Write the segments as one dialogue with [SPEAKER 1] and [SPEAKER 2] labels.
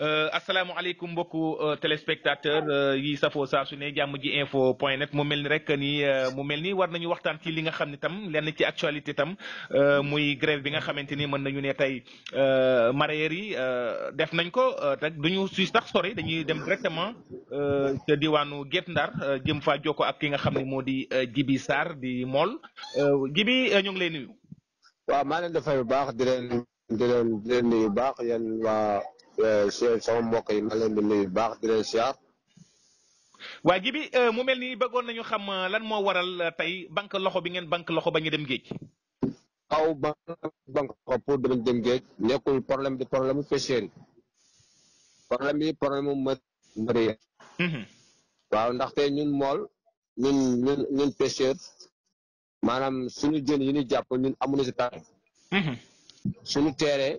[SPEAKER 1] Euh, asalaamaaleykum mbokku euh, téléspectateur euh, yi safoo saa su ne jàmm ji info point net mu mel ni rek ni mu mel ni war nañu waxtaan ci li nga xam ne tam lenn ci actualité tam muy grève bi nga xamante ni mën nañu ne tey mareyeur yi def nañ ko te duñu si sax sori dañuy dem directement te diwaanu Guet Ndar jëm faa jokko ak ki nga xam ne moo di Jibi Sarr di mool Jibi ñu ngi lay nuyu.
[SPEAKER 2] waaw maa leen di fay baax di leen di leen baax yéen waa. Euh, seen sama mbokk yi ma leen di nuyu baax di leen siyaar. waa ji euh, mu mel ni bëggoon nañu xam
[SPEAKER 1] euh, lan moo waral tey banque loxo bi ngeen banque loxo ba ñu dem géej.
[SPEAKER 2] aw banque banque loxo pour damañ dem géej nekkul problème di problème mu pêcheurs problème bi problème mu mbëri mm-hmm. waaw ndaxte ñun mool ñun ñun ñun pêcheur maanaam suñu jën yi ñu jàpp ñun amuñu si mm-hmm. suñu teeree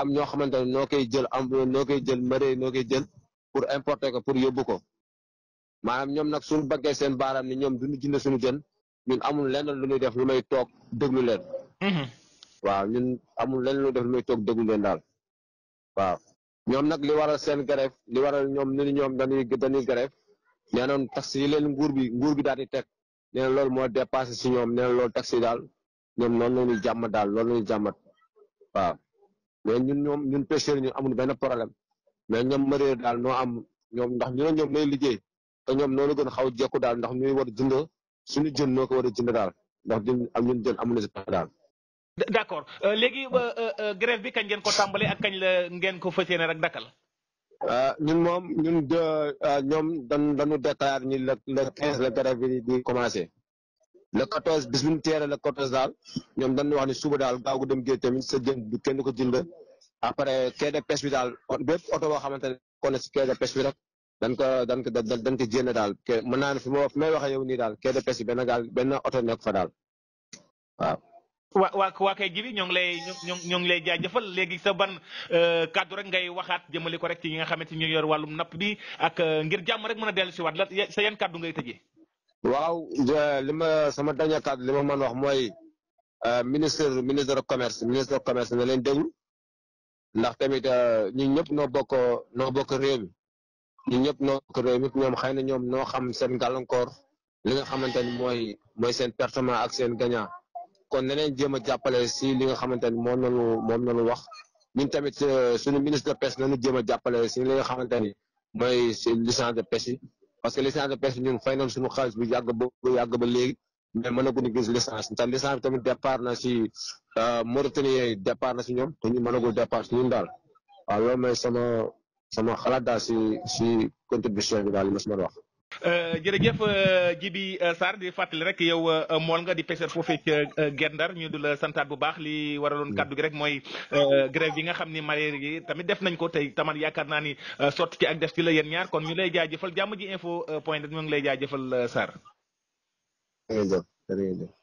[SPEAKER 2] am ñoo xamante ne noo koy jël am noo koy jël mbëre noo koy jël pour importer ko pour yóbbu ko maanaam ñoom nag suñu bëggee seen baaraam ni ñoom duñu jënd suñu jën ñun amul lenn lu ñuy def lu may toog déglu leen mm-hmm. waaw ñun amul lenn lu ñuy def toog déglu leen daal waaw ñoom nag li waral seen grève li waral ñoom ni ñoom dañuy dañuy grève nee noon taxi yi leen nguur bi nguur bi daal di teg nee na loolu moo dépassé si ñoom nee loolu taxi yi daal ñoom noonu la ñuy jàmm daal loolu la ñuy jàmmat waaw mais ñun ñoom ñun pêcheurs yi ñun amul benn problème mais ñoom mareyeur daal noo am ñoom ndax ñu ne ñoom lay liggéey a ñoom noonu gën xaw jekku daal ndax ñuy war a jënd suñu jën noo ko war a jënd daal ndax ñun am ñun jën amuñu si daal.
[SPEAKER 1] d' accord euh, léegi euh, euh, grève bi kañ ngeen ko tàmbalee ak kañ la ngeen ko fas yéene rek
[SPEAKER 2] a ñun moom ñun ñoom dañu dañu déclaré ni le le quinze la grève bi di commencé. le 14 bis teer ñu teeree le 14 daal ñoom dañu wax ni suba daal gaaw gu dem géej tamit sa jën ko jënd après quai de pêche bi daal bépp oto boo xamante ne kon na si bi rek dañ ko dañ ko dañ ko jéem daal ke mën naa ne fi ma fi may waxee yow nii daal quai pes pêche bi benn gaal oto nekk fa daal
[SPEAKER 1] waaw. waa waa waa kay jibi ñoo ngi lay ñoo ngi lay jaajëfal léegi sa ban euh, kaddu rek ngay waxaat jëmale ko rek ci ñi nga xamante ni ñu wàllum napp bi ak euh, ngir jàmm rek mën dellu si la sa yan kaddu ngay
[SPEAKER 2] waaw li ma sama dernier cadre li ma mën wax mooy euh, ministre ministre de commerce ministre de commerce na leen déglu ndax tamit euh, ñun ñëpp noo bokk noo bokk réew mi ñun ñëpp noo bokk réew na ñoom noo xam seen gàllankoor li nga xamante ni mooy mooy seen pertement ak seen gagnant kon na leen jéem a jàppale si li nga xamante ni moom moom nanu wax ñun tamit euh, suñu ministre de pêche nanu jéem a jàppale si li nga xamante ni mooy licence de pêche yi parce que licence de pêche ñun fay nañ suñu xaalis bu yàgg ba yàgg ba léegi mais gis licence te licence bi tamit départ na si euh, Mauritanie yi départ na si ñoom te ñu mënagul départ si ñun daal waaw loolu mooy sama sama xalaat daal si si contribution bi daal li ma si mën wax.
[SPEAKER 1] Euh, jërëjëf euh, Djiby euh, Sarr di fàttali rek yow mool nga di pêcheur foofee ca Gendar ñu du la santaat bu baax li waraloon mm. kàddu gi rek mooy grève yi nga xam ni mareyeur yi tamit def nañ ko tey tamit yaakaar naa ni sot ci ak def ci la yéen ñaar kon ñu lay jaajëfal jàmm ji info point net ñu lay jaajëfal Sarr.
[SPEAKER 2] jërëjëf